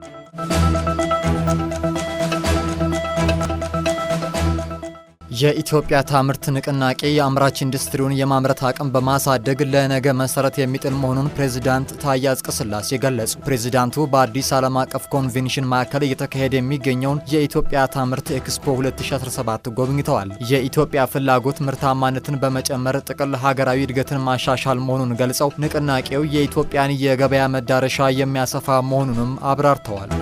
Thank you. የኢትዮጵያ ታምርት ንቅናቄ የአምራች ኢንዱስትሪውን የማምረት አቅም በማሳደግ ለነገ መሰረት የሚጥል መሆኑን ፕሬዚዳንት ታዬ አጽቀሥላሴ ገለጹ። ፕሬዚዳንቱ በአዲስ ዓለም አቀፍ ኮንቬንሽን ማዕከል እየተካሄደ የሚገኘውን የኢትዮጵያ ታምርት ኤክስፖ 2017 ጎብኝተዋል። የኢትዮጵያ ፍላጎት ምርታማነትን በመጨመር ጥቅል ሀገራዊ እድገትን ማሻሻል መሆኑን ገልጸው ንቅናቄው የኢትዮጵያን የገበያ መዳረሻ የሚያሰፋ መሆኑንም አብራርተዋል።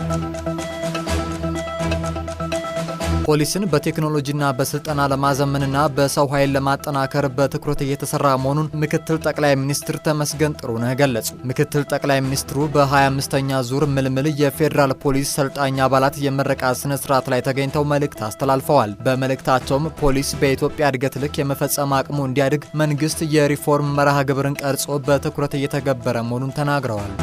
ፖሊስን በቴክኖሎጂና በስልጠና ለማዘመንና በሰው ኃይል ለማጠናከር በትኩረት እየተሰራ መሆኑን ምክትል ጠቅላይ ሚኒስትር ተመስገን ጥሩነህ ገለጹ። ምክትል ጠቅላይ ሚኒስትሩ በ25ኛ ዙር ምልምል የፌዴራል ፖሊስ ሰልጣኝ አባላት የምረቃ ስነ ስርዓት ላይ ተገኝተው መልእክት አስተላልፈዋል። በመልእክታቸውም ፖሊስ በኢትዮጵያ እድገት ልክ የመፈጸም አቅሙ እንዲያድግ መንግስት የሪፎርም መርሃ ግብርን ቀርጾ በትኩረት እየተገበረ መሆኑን ተናግረዋል።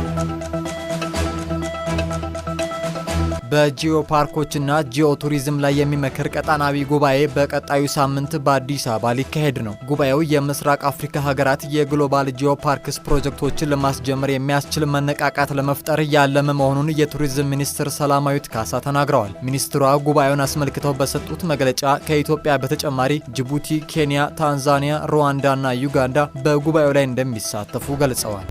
በጂኦ ፓርኮችና ጂኦ ቱሪዝም ላይ የሚመክር ቀጣናዊ ጉባኤ በቀጣዩ ሳምንት በአዲስ አበባ ሊካሄድ ነው። ጉባኤው የምስራቅ አፍሪካ ሀገራት የግሎባል ጂኦ ፓርክስ ፕሮጀክቶችን ለማስጀመር የሚያስችል መነቃቃት ለመፍጠር ያለመ መሆኑን የቱሪዝም ሚኒስትር ሰላማዊት ካሳ ተናግረዋል። ሚኒስትሯ ጉባኤውን አስመልክተው በሰጡት መግለጫ ከኢትዮጵያ በተጨማሪ ጅቡቲ፣ ኬንያ፣ ታንዛኒያ፣ ሩዋንዳና ዩጋንዳ በጉባኤው ላይ እንደሚሳተፉ ገልጸዋል።